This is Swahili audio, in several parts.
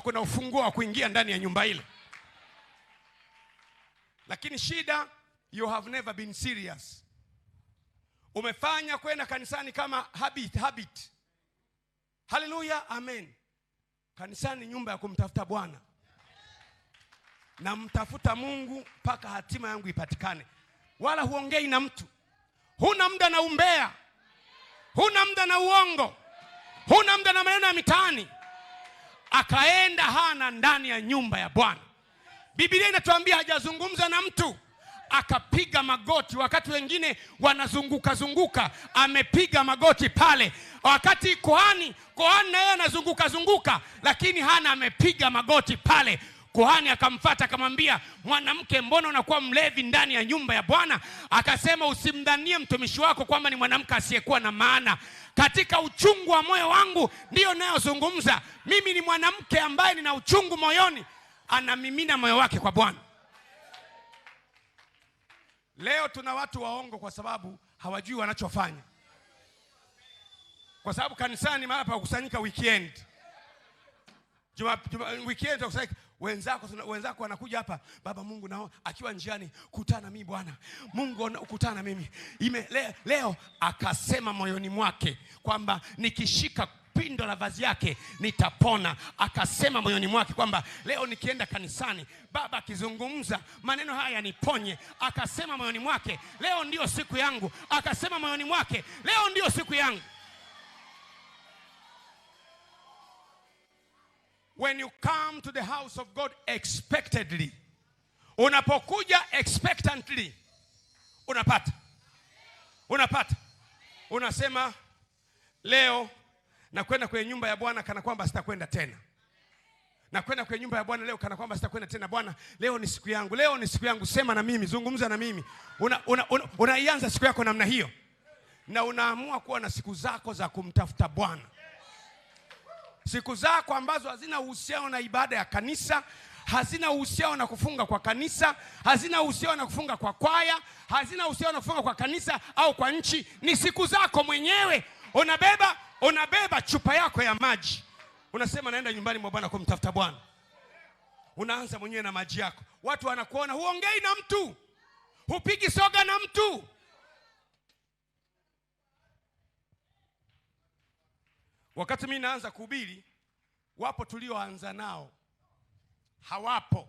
kuna ufunguo wa kuingia ndani ya nyumba ile lakini shida you have never been serious umefanya kwenda kanisani kama habit, habit. haleluya amen kanisani nyumba ya kumtafuta bwana na mtafuta mungu mpaka hatima yangu ipatikane wala huongei na mtu huna muda na umbea huna muda na uongo huna muda na maneno ya mitaani akaenda Hana ndani ya nyumba ya Bwana. Biblia inatuambia hajazungumza na mtu, akapiga magoti. Wakati wengine wanazunguka zunguka, amepiga magoti pale. Wakati kohani kohani naye anazunguka zunguka, lakini Hana amepiga magoti pale. Kuhani akamfata akamwambia, mwanamke, mbona unakuwa mlevi ndani ya nyumba ya Bwana? Akasema, usimdhanie mtumishi wako kwamba ni mwanamke asiyekuwa na maana. Katika uchungu wa moyo wangu ndiyo nayozungumza. Mimi ni mwanamke ambaye nina uchungu moyoni. Anamimina moyo wake kwa Bwana. Leo tuna watu waongo kwa sababu hawajui wanachofanya, kwa sababu kanisani mahali pa kukusanyika weekend, weekend Wenzako wenzako wanakuja hapa, baba Mungu nao akiwa njiani, kutana mimi Bwana Mungu, kutana na mimi ime, le, leo akasema moyoni mwake kwamba nikishika pindo la vazi yake nitapona. Akasema moyoni mwake kwamba leo nikienda kanisani, baba akizungumza maneno haya yaniponye. Akasema moyoni mwake leo ndiyo siku yangu. Akasema moyoni mwake leo ndiyo siku yangu. when you come to the house of God expectedly, unapokuja expectantly, unapata unapata, unasema leo nakwenda kwenye nyumba ya Bwana kana kwamba sitakwenda tena nakwenda kwenye nyumba ya Bwana leo kana kwamba sitakwenda tena. Bwana, leo ni siku yangu, leo ni siku yangu, sema na mimi, zungumza na mimi. Unaianza una, una, una siku yako namna hiyo, na unaamua kuwa na siku zako za kumtafuta Bwana siku zako ambazo hazina uhusiano na ibada ya kanisa, hazina uhusiano na kufunga kwa kanisa, hazina uhusiano na kufunga kwa kwaya, hazina uhusiano na kufunga kwa kanisa au kwa nchi. Ni siku zako mwenyewe. Unabeba, unabeba chupa yako ya maji, unasema naenda nyumbani mwa Bwana kumtafuta Bwana. Unaanza mwenyewe na maji yako, watu wanakuona, huongei na mtu, hupigi soga na mtu Wakati mimi naanza kuhubiri, wapo tulioanza nao hawapo.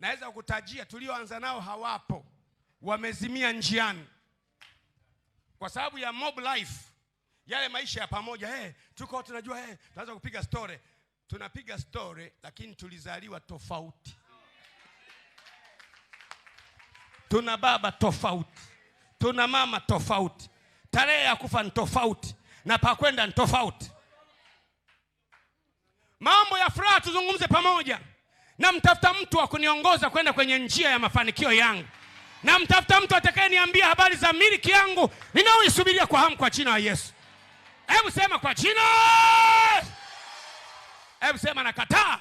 Naweza kukutajia tulioanza nao hawapo, wamezimia njiani kwa sababu ya mob life, yale maisha ya pamoja. Hey, eh, tuko tunajua, hey, eh, tunaweza kupiga story, tunapiga story, lakini tulizaliwa tofauti, tuna baba tofauti, tuna mama tofauti, tarehe ya kufa ni tofauti na pakwenda ni tofauti. Mambo ya furaha tuzungumze pamoja. Namtafuta mtu wa kuniongoza kwenda kwenye njia ya mafanikio yangu. Namtafuta mtu atakayeniambia habari za miliki yangu ninaoisubiria kwa hamu, kwa jina la Yesu. Hebu sema kwa jina, hebu sema nakataa.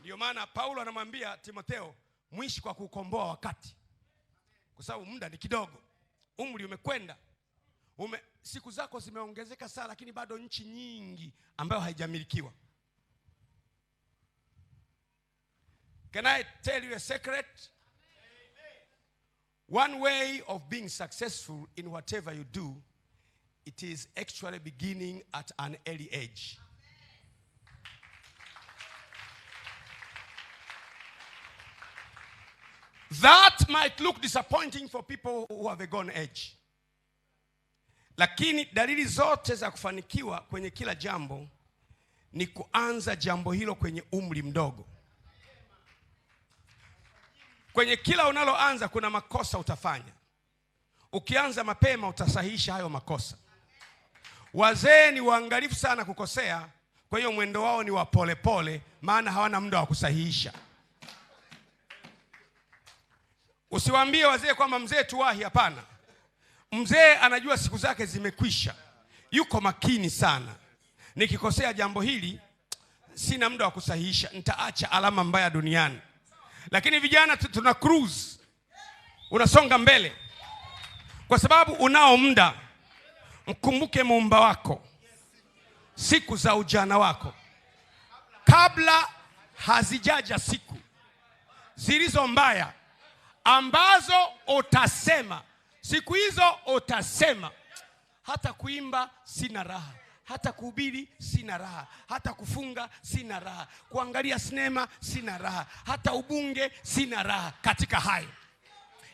ndio maana Paulo anamwambia Timotheo, mwishi kwa kukomboa wakati, kwa sababu muda ni kidogo, umri umekwenda. ume, siku zako zimeongezeka sana, lakini bado nchi nyingi ambayo haijamilikiwa. Can I tell you a secret? One way of being successful in whatever you do, it is actually beginning at an early age. That might look disappointing for people who have a gone age. Lakini dalili zote za kufanikiwa kwenye kila jambo ni kuanza jambo hilo kwenye umri mdogo. Kwenye kila unaloanza kuna makosa utafanya. Ukianza mapema utasahihisha hayo makosa. Wazee ni waangalifu sana kukosea, kwa hiyo mwendo wao ni wa polepole, maana hawana muda wa kusahihisha. Usiwaambie wazee kwamba mzee tuwahi, hapana. Mzee anajua siku zake zimekwisha, yuko makini sana. Nikikosea jambo hili, sina muda wa kusahihisha, nitaacha alama mbaya duniani. Lakini vijana tuna cruise, unasonga mbele kwa sababu unao muda. Mkumbuke muumba wako siku za ujana wako, kabla hazijaja siku zilizo mbaya ambazo utasema Siku hizo utasema hata kuimba sina raha, hata kuhubiri sina raha, hata kufunga sina raha, kuangalia sinema sina raha, hata ubunge sina raha. Katika hayo,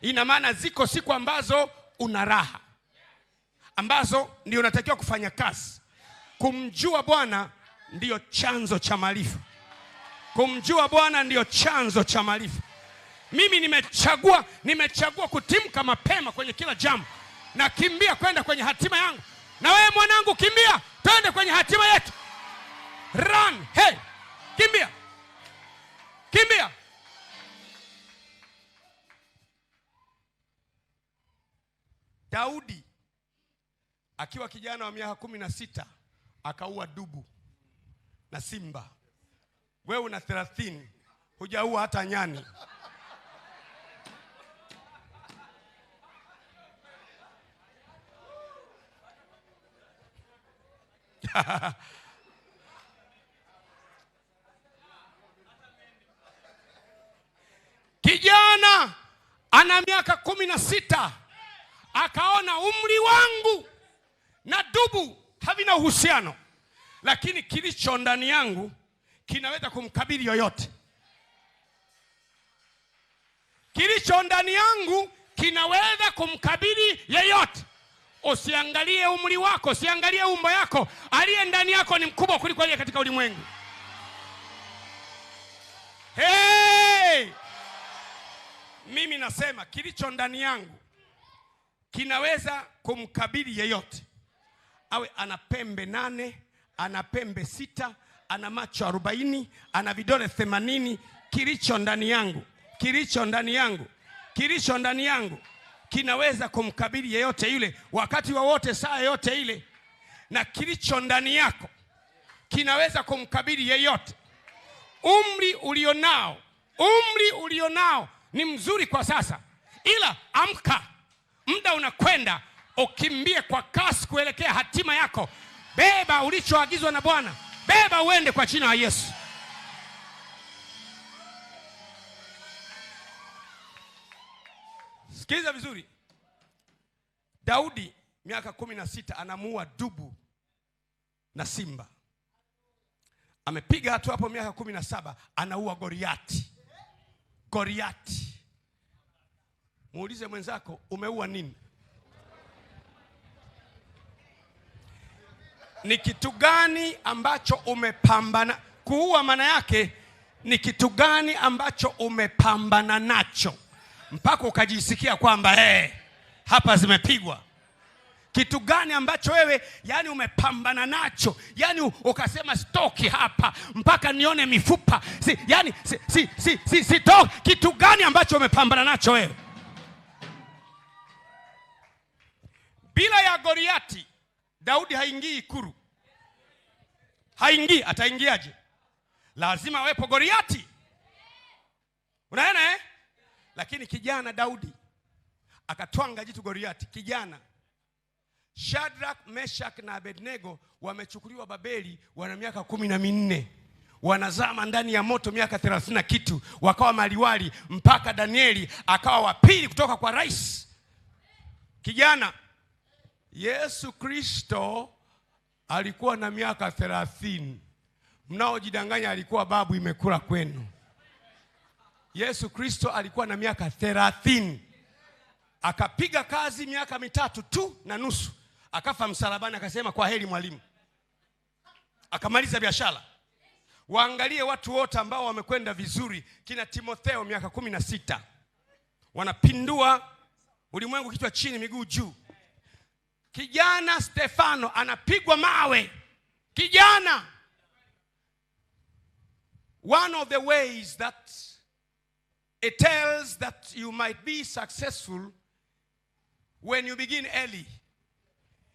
ina maana ziko siku ambazo una raha, ambazo ndio unatakiwa kufanya kazi. Kumjua Bwana ndiyo chanzo cha maarifa. Kumjua Bwana ndiyo chanzo cha maarifa. Mimi nimechagua, nimechagua kutimka mapema kwenye kila jambo, nakimbia kwenda kwenye hatima yangu. Na wewe mwanangu, kimbia twende kwenye hatima yetu. Run, hey, kimbia, kimbia. Daudi akiwa kijana wa miaka kumi na sita akaua dubu na simba. Wewe una thelathini hujaua hata nyani. Kijana ana miaka kumi na sita akaona umri wangu na dubu havina uhusiano, lakini kilicho ndani yangu kinaweza kumkabili yoyote. Kilicho ndani yangu kinaweza kumkabili yeyote usiangalie umri wako, usiangalie umbo yako. Aliye ndani yako ni mkubwa kuliko aliye katika ulimwengu. Hey! Mimi nasema kilicho ndani yangu kinaweza kumkabili yeyote, awe ana pembe nane, ana pembe sita, ana macho arobaini, ana vidole themanini. Kilicho ndani yangu, kilicho ndani yangu, kilicho ndani yangu kinaweza kumkabili yeyote yule wakati wowote wa saa yoyote ile, na kilicho ndani yako kinaweza kumkabili yeyote. Umri ulionao, umri ulionao ni mzuri kwa sasa, ila amka, muda unakwenda, ukimbie kwa kasi kuelekea hatima yako. Beba ulichoagizwa na Bwana, beba uende kwa jina la Yesu. Sikiliza vizuri. Daudi miaka kumi na sita anamuua dubu na simba. Amepiga hatu hapo miaka kumi na saba anaua goriati goriati Muulize mwenzako umeua nini? Ni kitu gani ambacho umepambana? Kuua maana yake ni kitu gani ambacho umepambana nacho? mpaka ukajisikia kwamba hey, eh, hapa zimepigwa. Kitu gani ambacho wewe yani umepambana nacho, yani ukasema sitoki hapa mpaka nione mifupa si, yani si, si, si, si, sitoki. Kitu gani ambacho umepambana nacho wewe? Bila ya goriati Daudi haingii ikuru haingii. Ataingiaje? Lazima wepo goriati unaona eh? Lakini kijana Daudi akatwanga jitu Goliati. Kijana Shadrach, Meshach na Abednego wamechukuliwa Babeli, wana miaka kumi na minne wanazama ndani ya moto miaka thelathini na kitu, wakawa maliwali mpaka Danieli akawa wa pili kutoka kwa rais. Kijana Yesu Kristo alikuwa na miaka thelathini. Mnaojidanganya alikuwa babu imekula kwenu. Yesu Kristo alikuwa na miaka thelathini akapiga kazi miaka mitatu tu na nusu, akafa msalabani, akasema kwa heri mwalimu, akamaliza biashara. Waangalie watu wote ambao wamekwenda vizuri, kina Timotheo miaka kumi na sita wanapindua ulimwengu kichwa chini miguu juu. Kijana Stefano anapigwa mawe, kijana. One of the ways that It tells that you might be successful when you begin early.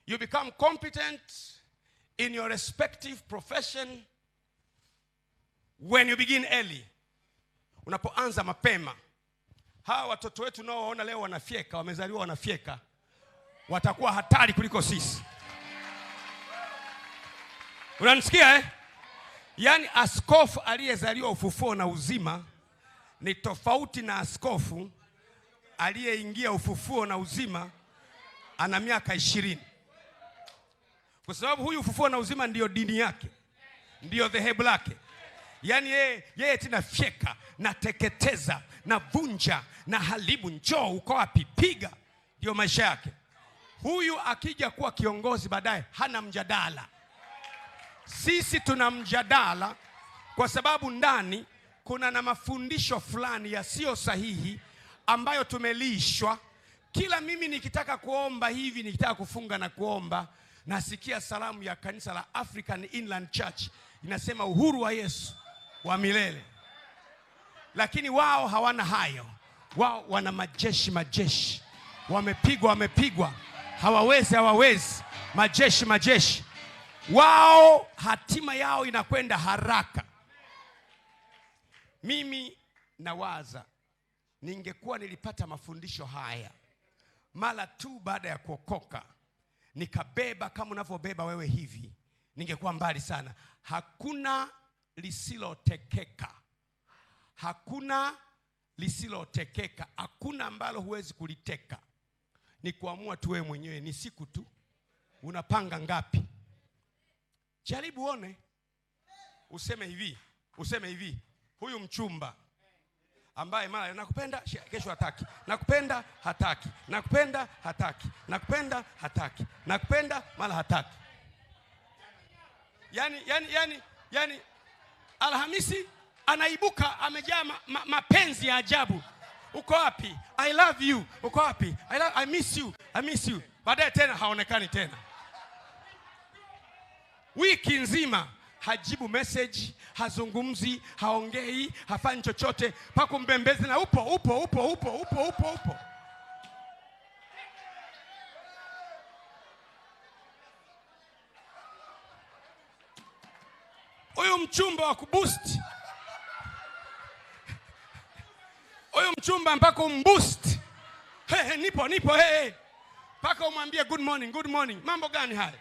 You become competent in your respective profession when you begin early, unapoanza mapema. Hawa watoto wetu naowaona leo wanafyeka, wamezaliwa wanafyeka, watakuwa hatari kuliko sisi. Unanisikia eh? Yaani askofu aliyezaliwa ufufuo na uzima ni tofauti na askofu aliyeingia ufufuo na uzima ana miaka ishirini, kwa sababu huyu ufufuo na uzima ndiyo dini yake, ndiyo dhehebu lake. Yaani yeye yeye fyeka na teketeza na haribu, njoo uko wapi, piga, ndiyo maisha yake. Huyu akija kuwa kiongozi baadaye hana mjadala. Sisi tuna mjadala kwa sababu ndani kuna na mafundisho fulani yasiyo sahihi ambayo tumelishwa. Kila mimi nikitaka kuomba hivi, nikitaka kufunga na kuomba, nasikia salamu ya kanisa la African Inland Church inasema uhuru wa Yesu wa milele, lakini wao hawana hayo. Wao wana majeshi, majeshi, wamepigwa, wamepigwa, hawawezi, hawawezi, majeshi, majeshi. Wao hatima yao inakwenda haraka mimi nawaza ningekuwa nilipata mafundisho haya mara tu baada ya kuokoka nikabeba kama unavyobeba wewe hivi, ningekuwa mbali sana. Hakuna lisilotekeka, hakuna lisilotekeka, hakuna ambalo huwezi kuliteka. Ni kuamua tu wewe mwenyewe, ni siku tu. Unapanga ngapi? Jaribu uone, useme hivi, useme hivi huyu mchumba ambaye mara nakupenda kesho hataki, nakupenda hataki, nakupenda hataki, nakupenda hataki, nakupenda mara hataki. Yani, yani, yani, yani Alhamisi anaibuka amejaa ma, ma, mapenzi ya ajabu. Uko wapi? I love you. Uko wapi? I, love, I miss you. I miss you. Baadaye tena haonekani tena, wiki nzima hajibu message, hazungumzi, haongei, hafanyi chochote, pako mbembezi na upo upo upo upo upo upo upo. Huyu mchumba wa kuboost, huyu mchumba mpaka umboost. Hey, hey, nipo nipo, hey, hey. Paka umwambie good morning, good morning, mambo gani haya?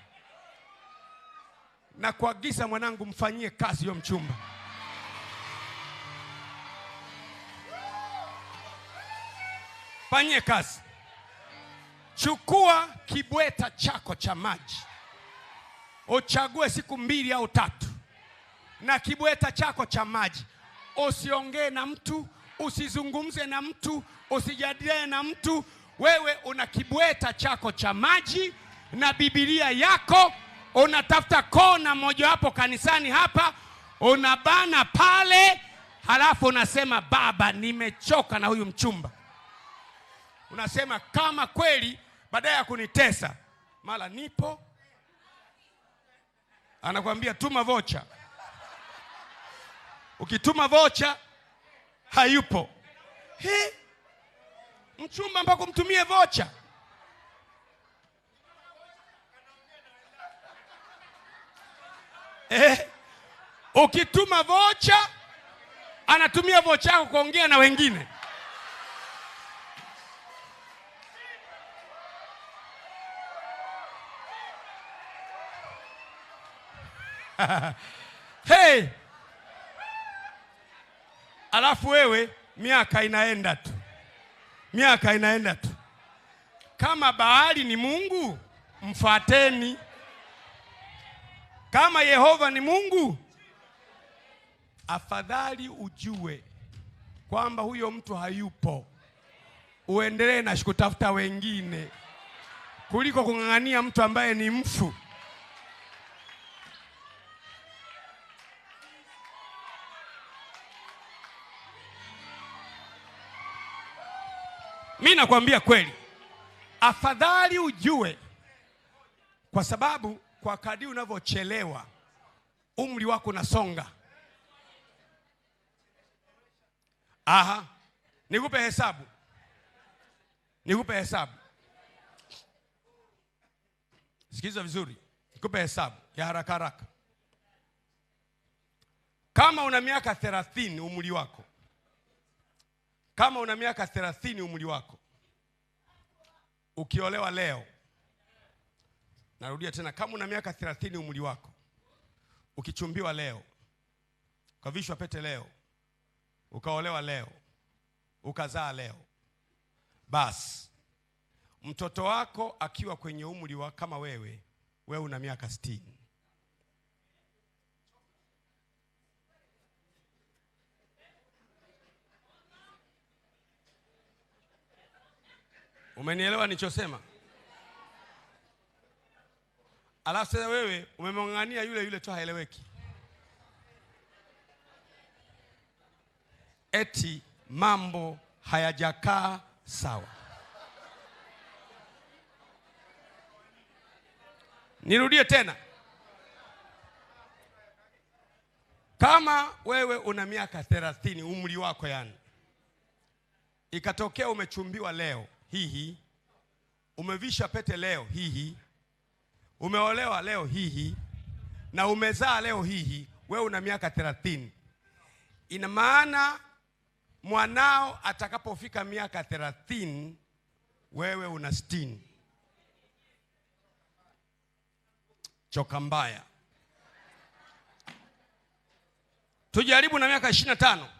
na kuagiza mwanangu, mfanyie kazi hiyo mchumba. Fanyie kazi. Chukua kibweta chako cha maji, uchague siku mbili au tatu na kibweta chako cha maji. Usiongee na mtu, usizungumze na mtu, usijadiliane na mtu. Wewe una kibweta chako cha maji na Biblia yako unatafuta kona mojawapo kanisani hapa, unabana pale, halafu unasema baba, nimechoka na huyu mchumba. Unasema kama kweli, baadaye ya kunitesa, mara nipo, anakwambia tuma vocha. Ukituma vocha hayupo. He, mchumba mpaka umtumie vocha eh, ukituma vocha anatumia vocha yako kuongea na wengine. hey! Alafu wewe miaka inaenda tu, miaka inaenda tu. Kama bahari ni Mungu, mfateni. Kama Yehova ni Mungu, afadhali ujue kwamba huyo mtu hayupo, uendelee na kutafuta wengine kuliko kung'ang'ania mtu ambaye ni mfu. Mi nakwambia kweli, afadhali ujue, kwa sababu kwa kadi unavyochelewa umri wako unasonga. Aha, nikupe hesabu, nikupe hesabu, sikiza vizuri, nikupe hesabu ya haraka haraka. Kama una miaka thelathini umri wako, kama una miaka thelathini umri wako, ukiolewa leo Narudia tena, kama una miaka 30 umri wako, ukichumbiwa leo, ukavishwa pete leo, ukaolewa leo, ukazaa leo, basi mtoto wako akiwa kwenye umri wa kama wewe, wewe una miaka 60 Umenielewa nichosema alafu sasa wewe umemng'ang'ania yule yule tu haeleweki, eti mambo hayajakaa sawa. Nirudie tena, kama wewe una miaka thelathini, umri wako yani, ikatokea umechumbiwa leo hihi, umevisha pete leo hihi Umeolewa leo hihi na umezaa leo hihi, wewe una miaka 30 Ina maana mwanao atakapofika miaka 30 wewe una 60 Choka mbaya. Tujaribu na miaka ishirini na tano.